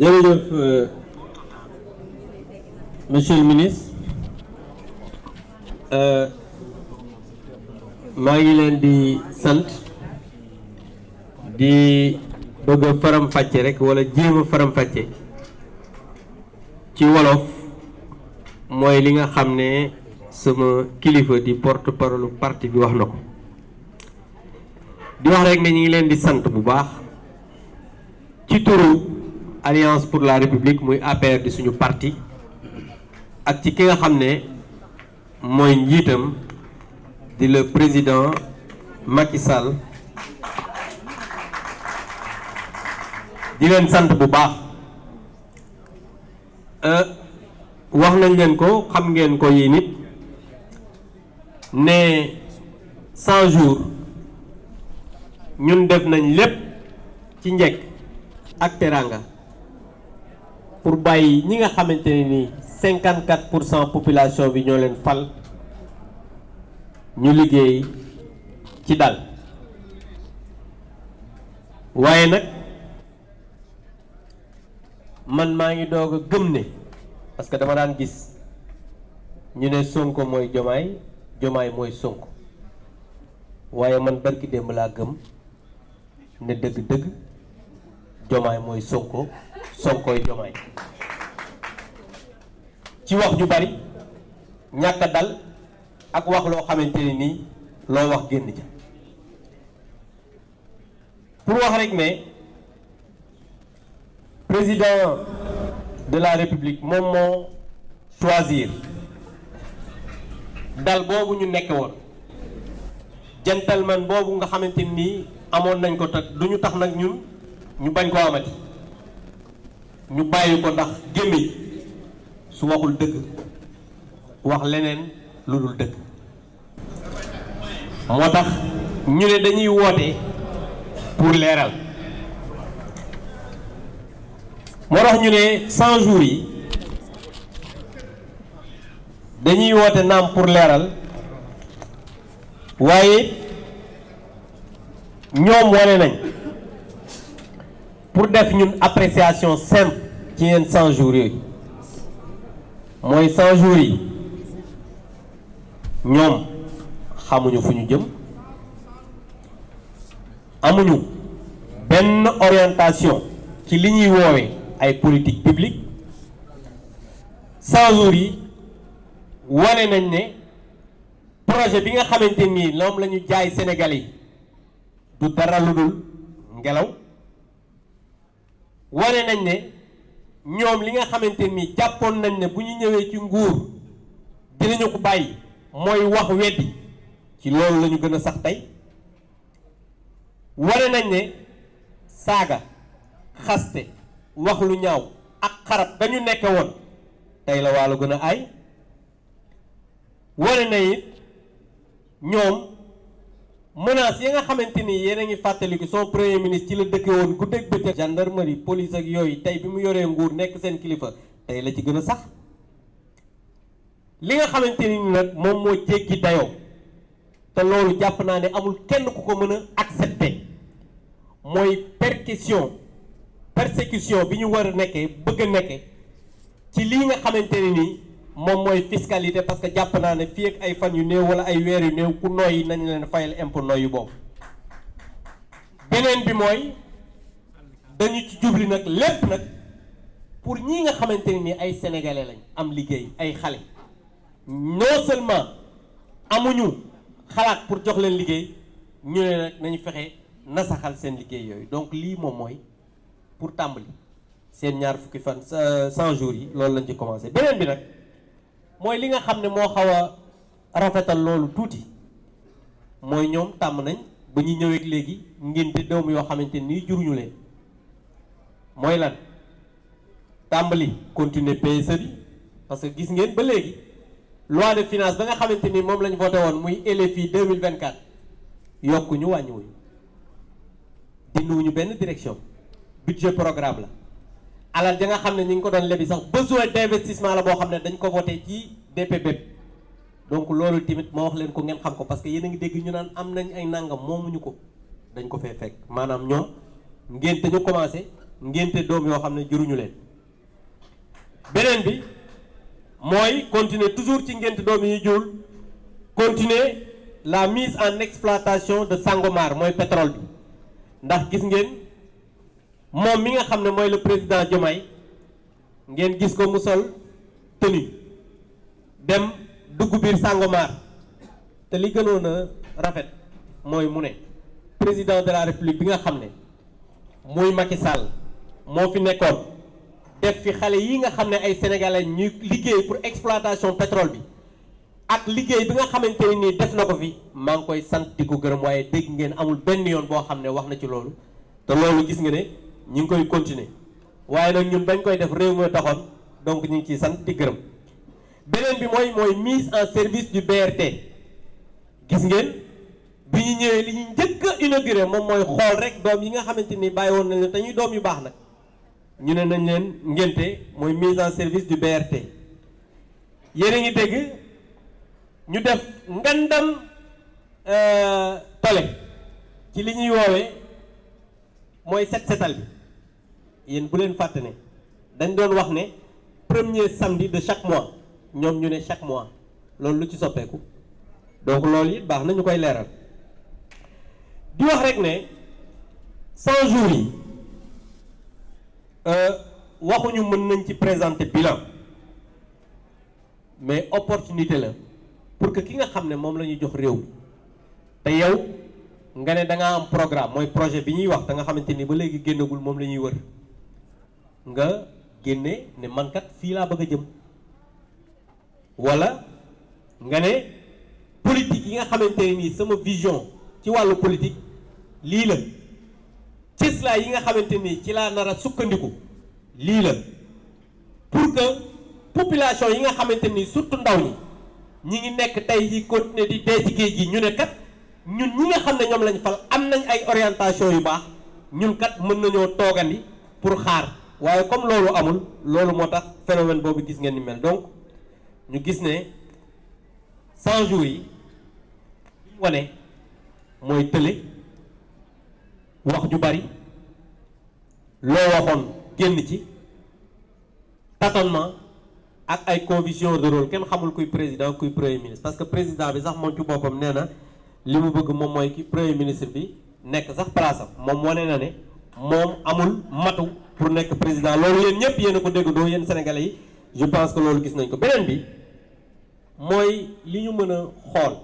jërëjëf euh, monsieur le ministre euh, maa ngi leen di sant di bëgg a rek wala jéem a ci wolof mooy li nga xam ne sama kilifa di porte parti bi wax na ko di wax rek ne ñu ngi leen di sant bu baax ci turu alliance pour la république muy APR di suñu parti ak ci ki nga xam ne mooy njiitam. di le président Macky Sall di leen sant bu baax euh, wax nañ leen ko xam ngeen ko yii nit ne cent jours ñun def nañ lépp ci njekk ak teraanga pour bàyyi ñi nga xamante ni nii cinquante quatre pour cent population bi ñoo leen fal ñu liggéey ci dal waaye nag man maa ngi doog a gëm ne parce que dama daan gis ñu ne Sonko mooy Jomaay Jomaay mooy Sonko waaye man barki démb laa gëm ne dëgg-dëgg Jomaay mooy Sonko Sonkooy Jomaay ci wax ju bari ñàkk dal ak wax loo xamante ne nii loo wax génn ja pour wax rek ne président de la république moom moo choisir dal boobu ñu nekk woon gentleman boobu nga xamante nii amoon nañ ko te du ñu tax nag ñun ñu bañ ko amati ñu bàyyi ko ndax gémmiñ su waxul dëgg wax leneen lu dul dëgg moo tax ñu ne dañuy woote pour leeral moo tax ñu ne cent jours yi dañuy woote naam pour leeral waaye ñoom wane nañ pour def ñun appréciation simple ci yenn 100 jours yooyu mooy 100 jours yi. ñoom xamuñu fu ñu jëm amuñu benn orientation ci li ñuy woowee ay politique publique cent jours yi ware nañ ne projet bi nga xamante nii moom la jaay Sénégal yi du dara lu ngelaw ware nañ ne ñoom li nga xamante nii jàppoon nañ ne bu ñu ñëwee ci nguur dinañu ko bàyyi mooy wax weddi ci loolu lañu ñu gën a sax tey ware nañ ne saaga xaste wax lu ñaaw ak xarab dañu nekke woon tey la waalo gën a ay ware na it ñoom menaces yi nga xamante ni yéen a ngi fàttaliku son premier ministre ci la dëkke woon guddeeg bëccëg gendarmerie police ak yooyu tey bi mu yoree nguur nekk seen kilifa tey la ci gën a sax li nga xamante ni nag moom moo jéggi dayoo te loolu jàpp naa ne amul kenn ku ko mën a accepter mooy persécution persécution bi ñu war a nekkee bëgg a nekkee ci lii nga xamante ne nii moom mooy fiscalité parce que jàpp naa ne fii ak ay fan yu néew wala ay weer yu néew ku noyyi nañ leen fayal impôt yu boobu beneen bi mooy dañu ci jubli nag lépp nag pour ñi nga xamante ne nii ay sénégalais lañ am liggéey ay xale. non seulement amuñu xalaat pour jox leen liggéey ñu ne nañu fexe nasaxal seen liggéey yooyu donc lii moom mooy pour tàmbali seen ñaar fukki fan cent jours yi loolu lañ ci commencé beneen bi nag mooy li nga xam ne moo xaw rafetal loolu tuuti mooy ñoom tàmm nañ ba ñu ñëwee léegi ngénte doom yoo xamante ni juruñu leen mooy lan tàmbali continuer PSE bi parce gis ngeen ba léegi loi de finance ba nga xamante ni moom lañ voté woon muy LFI 2024 yokkuñu wàññiwuñu dindiwuñu benn direction budget programme la alal ja nga xam ne ñi ngi ko doon lebi sax besoin d'investissement la boo xam ne dañ ko voté ci DPBEP donc loolu tamit ma wax leen ko ngeen xam ko parce que yéen ngi dégg ñu naan am nañ ay nangam moomuñu ko dañ ko fee fekk maanaam ñoo ngénte ñu commencé ngénte doom yoo xam ne juruñu leen beneen bi mooy continuer toujours ci ngénte doom yi juul continuer la mise en exploitation de Sangomar mooy pétrole bi ndax gis ngeen moom mi nga xam ne mooy le président Diomaye ngeen gis ko mu sol tenue dem dugg biir Sangomar te li gënoon a rafet mooy mu ne président de la république bi nga xam ne muy Macky Sall moo fi nekkoon def fi xale yi nga xam ne ay sénégalais ñu liggéey pour exploitation pétrole bi ak liggéey bi nga xamante ne nii def na ko fi maa ngi koy sant di ko gërëm waaye dégg ngeen amul benn yoon boo xam ne wax na ci loolu te loolu gis nga ne ñu ngi koy continuer waaye nag ñun bañ koy def réew moo taxoon donc ñu ngi ciy sant di gërëm beneen bi mooy mooy mise en service du te gis ngeen bi ñu ñëwee li ñu njëkk a inauguré moom mooy xool rek doom yi nga xamante ni bàyyi woon nañu te ñuy doom yu baax nag ñu ne nañ leen ngénte mooy mise en service du BRT yéen a ngi dégg ñu def ngandam euh, tole ci li ñuy woowee mooy set setal bi yéen bu leen fàtte ne dañ doon wax ne premier samedi de chaque mois ñoom ñu ne chaque mois loolu lu ci soppeeku donc loolu it baax nañu koy leeral di wax rek ne 100 jours yi Euh, waxuñu mën nañ ci présenter bilan mais opportunité la pour que ki nga xam ne moom la ñu jox réew mi te yow nga ne da ngaa am programme mooy projet bi ñuy wax da nga xamante ni ba léegi génnagul moom la ñuy wër nga génne ne man kat fii laa bëgg a jëm wala nga ne politique yi nga xamante ni sama vision ci wàllu politique lii la. cëslaay yi nga xamante ni ci laa nar a sukkandiku lii la pour que population yi nga xamante ni surtout ndaw ñi ñi ngi nekk tey yi continuer di dee ci géej gi ñu ne kat ñun ñi nga xam ne ñoom lañ fal am nañ ay orientation yu baax ñun kat mën nañoo toogandi pour xaar waaye comme loolu amul loolu moo tax phénomène boobu gis ngeen ni mel donc ñu gis ne 100 jours yi wane mooy tële. wax ju bari loo waxoon génn ci tâtonnement ak ay confusion de rôle kenn xamul kuy président kuy premier ministre parce que président bi sax moom ci boppam nee na li mu bëgg moom mooy ki premier ministre bi nekk sax palaasam moom wane na ne moom amul matu pour nekk président loolu leen ñëpp yéen a ko dégg doo yéen sénégalais yi je pense que loolu gis nañ ko beneen bi mooy li ñu mën a xool